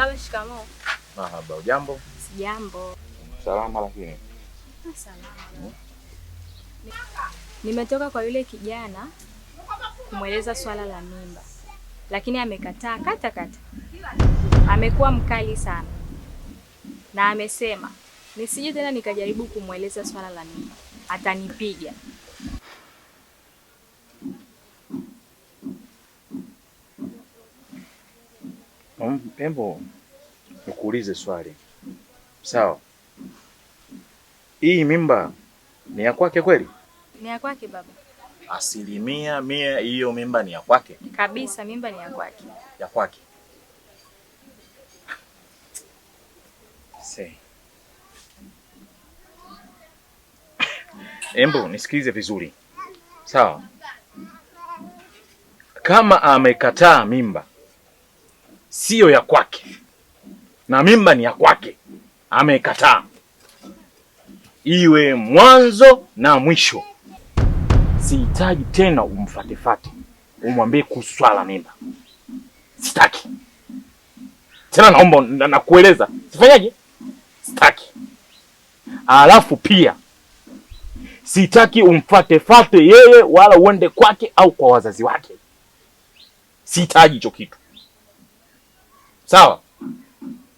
Baba, Marhaba. Ujambo? Sijambo. Salama lakini. Ah, salama. Hmm. Nimetoka kwa yule kijana kumweleza swala la mimba, lakini amekataa katakata Amekuwa mkali sana na amesema nisije tena nikajaribu kumweleza swala la mimba, atanipiga. Embo, nikuulize swali sawa? Hii mimba ni ya kwake kweli? Ni ya kwake baba, asilimia mia. Hiyo mimba ni ya kwake kabisa. Mimba ni ya kwake, ya kwake. Embo, nisikilize vizuri sawa? Kama amekataa mimba siyo ya kwake na mimba ni ya kwake, amekataa. Iwe mwanzo na mwisho. Sihitaji tena umfatefate, umwambie kuswala mimba, sitaki tena. Naomba nakueleza, sifanyaje? Sitaki. Alafu pia sitaki umfatefate yeye, wala uende kwake au kwa wazazi wake. Sihitaji hicho kitu. Sawa,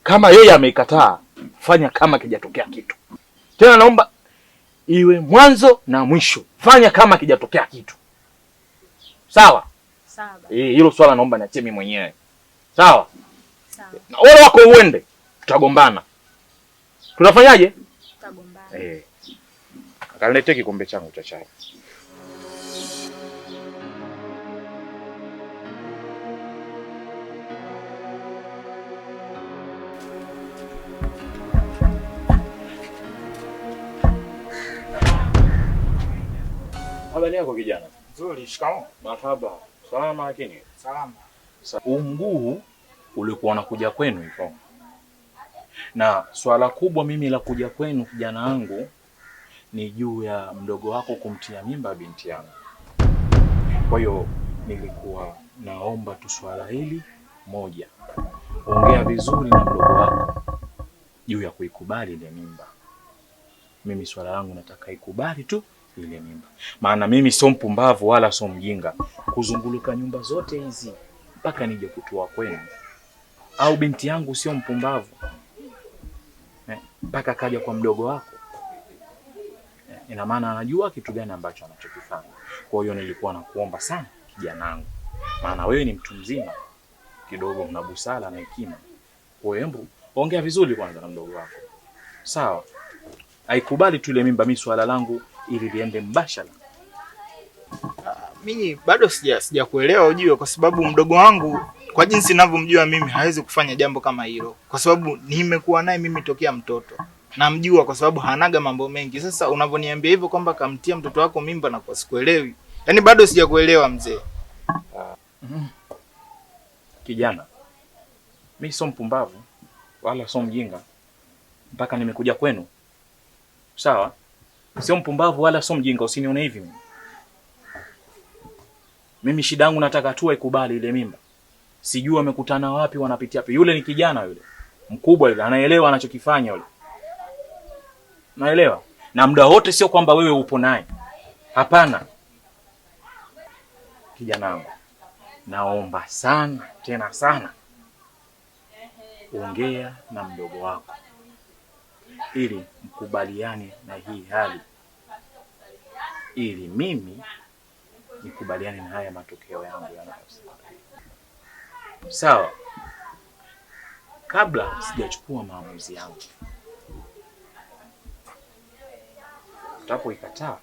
kama yeye ameikataa, fanya kama kijatokea kitu. Tena naomba iwe mwanzo na mwisho, fanya kama kijatokea kitu. Sawa, sawa. Eh, hilo swala naomba niachie mimi mwenyewe. Sawa, sawa. Na ole wako uende, tutagombana. Tunafanyaje? Tutagombana. Eh, akalete kikombe changu cha chai. Habari yako kijana? Nzuri, shikamoo. Marhaba. Salama lakini. Salama. Umguu ulikuwa unakuja kwenu hivyo. Na swala kubwa mimi la kuja kwenu kijana wangu ni juu ya mdogo wako kumtia mimba binti yangu. Kwa hiyo nilikuwa naomba tu swala hili moja, ongea vizuri na mdogo wako juu ya kuikubali ile mimba. Mimi swala langu nataka ikubali tu ile mimba. Maana mimi sio mpumbavu wala sio mjinga kuzunguluka nyumba zote hizi mpaka nije kutoa kwenu, au binti yangu sio mpumbavu eh, mpaka eh, kaja kwa mdogo wako eh, ina maana anajua kitu gani ambacho anachokifanya. Kwa hiyo nilikuwa nakuomba sana wangu, maana wewe ni mtu mzima kidogo, una busara na hekima. Kwa hiyo hebu ongea vizuri kwanza na mdogo wako, sawa? Haikubali tu ile mimba, mimi swala langu ili liende mbashara. Uh, mimi bado sija sijakuelewa ujue, kwa sababu mdogo wangu kwa jinsi ninavyomjua mimi hawezi kufanya jambo kama hilo, kwa sababu nimekuwa naye mimi tokea mtoto, namjua kwa sababu hanaga mambo mengi. Sasa unavyoniambia hivyo kwamba kamtia mtoto wako mimba, na kwa sikuelewi, yaani bado sijakuelewa mzee. Mm. Kijana, mi sio mpumbavu wala sio mjinga mpaka nimekuja kwenu, sawa Sio mpumbavu wala sio mjinga, usinione hivi mimi. Shida yangu nataka tu aikubali ile mimba. Sijui wamekutana wapi, wanapitia wapi. Yule ni kijana yule, mkubwa yule, anaelewa anachokifanya yule, naelewa na muda wote, sio kwamba wewe upo naye, hapana. Kijana wangu, naomba sana tena sana, ongea na mdogo wako ili mkubaliane na hii hali, ili mimi nikubaliane na haya matokeo yangu yanayosa. Sawa, kabla sijachukua maamuzi yangu, utapoikataa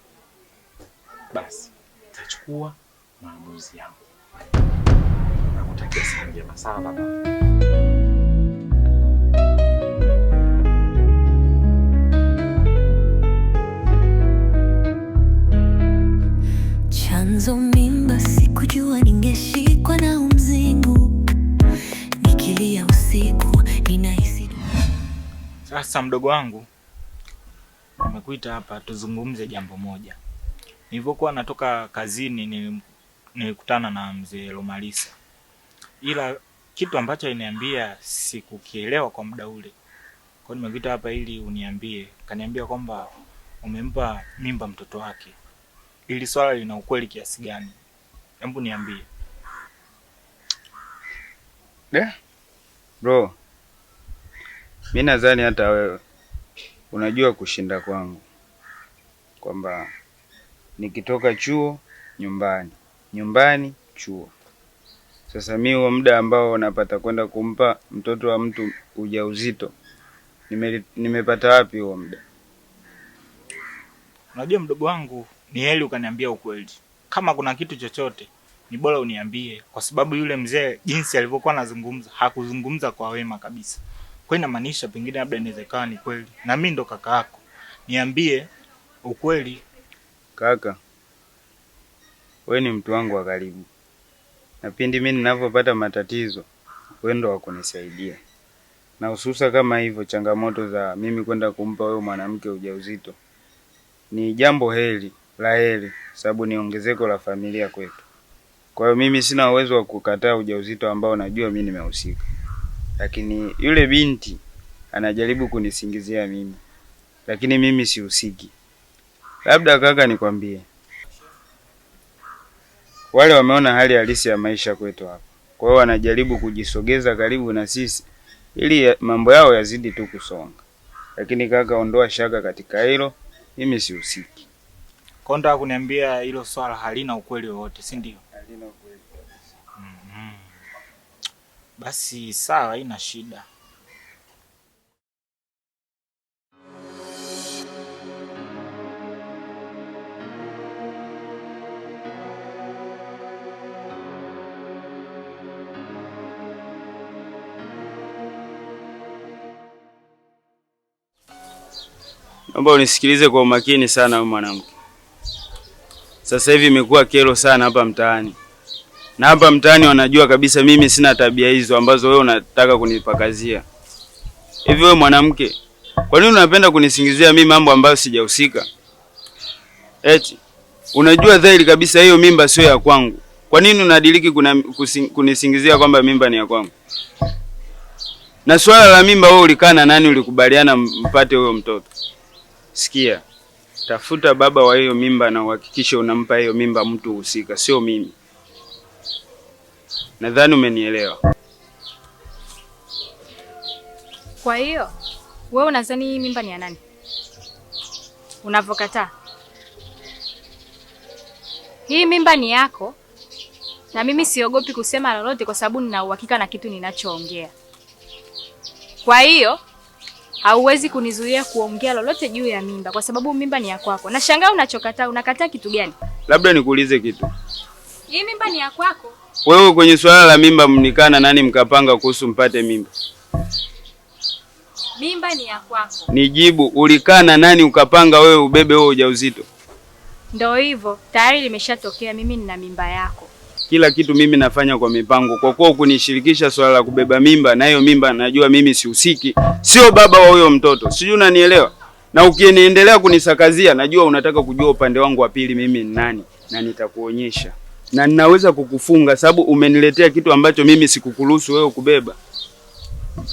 basi tachukua maamuzi yangu. Nakutakia siku njema sana baba. Sasa mdogo wangu, nimekuita hapa tuzungumze jambo moja. Nilivyokuwa natoka kazini nilikutana na mzee Lomalisa, ila kitu ambacho aliniambia sikukielewa kwa muda ule, kwa hiyo nimekuita hapa ili uniambie. Kaniambia kwamba umempa mimba mtoto wake. Ili swala lina ukweli kiasi gani? Hebu niambie. Yeah. Bro, Mi nadhani hata wewe unajua kushinda kwangu kwamba nikitoka chuo nyumbani, nyumbani chuo. Sasa mi huo muda ambao napata kwenda kumpa mtoto wa mtu ujauzito nime, nimepata wapi huo muda? Unajua mdogo wangu, ni heri ukaniambia ukweli. Kama kuna kitu chochote ni bora uniambie, kwa sababu yule mzee jinsi alivyokuwa anazungumza, hakuzungumza kwa wema kabisa. Kwa hiyo inamaanisha pengine labda inawezekana ni kweli, na mimi ndo kaka yako, niambie ukweli. Kaka we ni mtu wangu wa karibu, na pindi mimi ninavyopata matatizo, we ndo wakunisaidia, na hususa kama hivyo changamoto za mimi kwenda kumpa wewe mwanamke ujauzito ni jambo heri la heri, sababu ni ongezeko la familia kwetu. Kwa hiyo mimi sina uwezo wa kukataa ujauzito ambao najua mimi nimehusika lakini yule binti anajaribu kunisingizia mimi, lakini mimi sihusiki. Labda kaka, nikwambie wale wameona hali halisi ya maisha kwetu hapa, kwa hiyo wanajaribu kujisogeza karibu na sisi ili mambo yao yazidi tu kusonga. Lakini kaka, ondoa shaka katika hilo, mimi sihusiki. Konda kuniambia hilo swala halina ukweli wowote, si ndio? Halina ukweli. Basi sawa, haina shida. Naomba unisikilize kwa umakini sana, mwanamke. Sasa hivi imekuwa kero sana hapa mtaani na hapa mtaani wanajua kabisa mimi sina tabia hizo ambazo wewe unataka kunipakazia. Hivi wewe mwanamke, kwa nini unapenda kunisingizia mimi mambo ambayo sijahusika? Eti unajua dhahiri kabisa hiyo mimba sio ya kwangu. Kwa nini unadiriki kunisingizia kwamba mimba ni ya kwangu? Na swala la mimba, wewe ulikaa na nani? Ulikubaliana mpate huyo mtoto? Sikia, tafuta baba wa hiyo mimba na uhakikishe unampa hiyo mimba mtu husika, sio mimi. Nadhani umenielewa. Kwa hiyo wewe unadhani hii mimba ni ya nani? Unavyokataa hii mimba ni yako, na mimi siogopi kusema lolote, kwa sababu nina uhakika na kitu ninachoongea. Kwa hiyo hauwezi kunizuia kuongea lolote juu ya mimba, kwa sababu mimba ni ya kwako. Nashangaa unachokataa. Unakataa kitu gani? Labda nikuulize kitu. Hii mimba ni ya kwako wewe kwenye swala la mimba mnikana nani mkapanga kuhusu mpate mimba? Mimba ni ya kwako. Nijibu, ulikaa nani ukapanga wewe ubebe huo ujauzito? Ndio hivyo, tayari limeshatokea, mimi nina mimba yako. Kila kitu mimi nafanya kwa mipango. Kwa kuwa kunishirikisha swala la kubeba mimba, na hiyo mimba najua mimi sihusiki, sio baba wa huyo mtoto, sijui unanielewa. Na ukiniendelea kunisakazia, najua unataka kujua upande wangu wa pili mimi ni nani, na nitakuonyesha na ninaweza kukufunga sababu umeniletea kitu ambacho mimi sikukuruhusu wewe kubeba.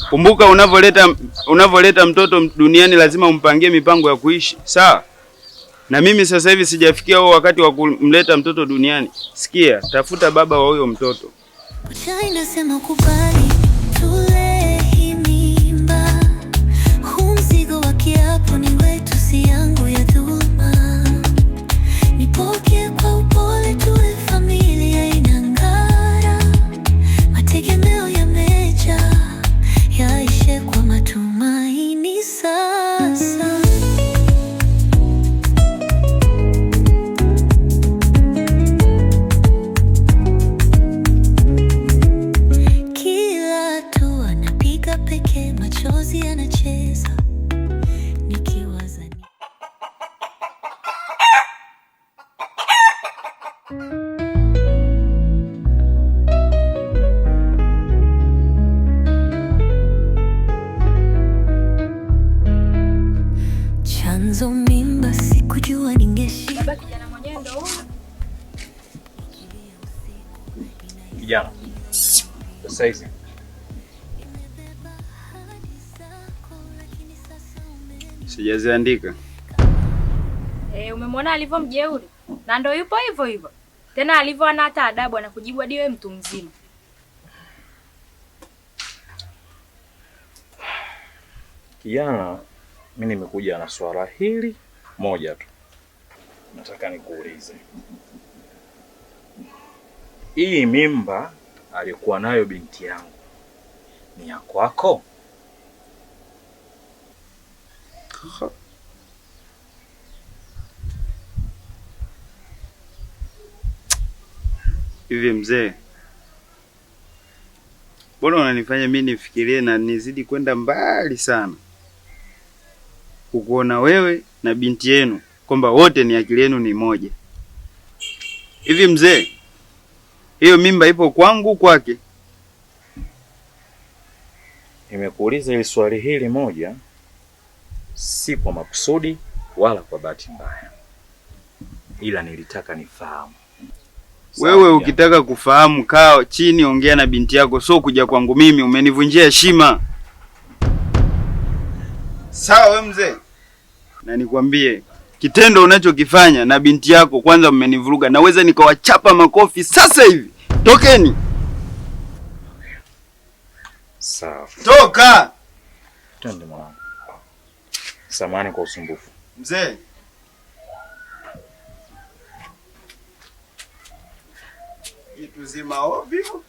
Kumbuka, unavoleta unavoleta mtoto duniani lazima umpangie mipango ya kuishi, sawa? Na mimi sasa hivi sijafikia huo wakati wa kumleta mtoto duniani. Sikia, tafuta baba wa huyo mtoto. hizo mimba sikujua Kijana sasa sijaziandika. Eh, umemwona alivyo mjeuri na ndo yupo hivyo hivyo tena alivyo, ana hata adabu, anakujibu hadi wewe mtu mzima. Kijana mimi nimekuja na swala hili moja tu, nataka nikuulize, hii mimba aliyokuwa nayo binti yangu ni ya kwako? Hivi mzee, mbona unanifanya mimi nifikirie na nizidi kwenda mbali sana? kukuona wewe na binti yenu kwamba wote ni akili yenu ni moja. Hivi mzee, hiyo mimba ipo kwangu kwake? Nimekuuliza ili swali hili moja, si kwa makusudi wala kwa bahati mbaya, ila nilitaka nifahamu. Wewe ukitaka kufahamu, kaa chini, ongea na binti yako, so kuja kwangu mimi. Umenivunjia heshima. Sawa wewe mzee, na nikwambie kitendo unachokifanya na binti yako, kwanza mmenivuruga, naweza nikawachapa makofi sasa hivi. Tokeni. Sawa. Toka. Twende mwanangu. Samahani kwa usumbufu. Mzee. Itu zima ovyo.